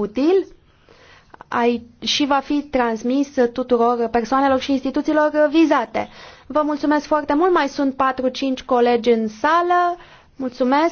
util ai, și va fi transmis tuturor persoanelor și instituțiilor vizate. Vă mulțumesc foarte mult, mai sunt 4-5 colegi în sală. Mulțumesc.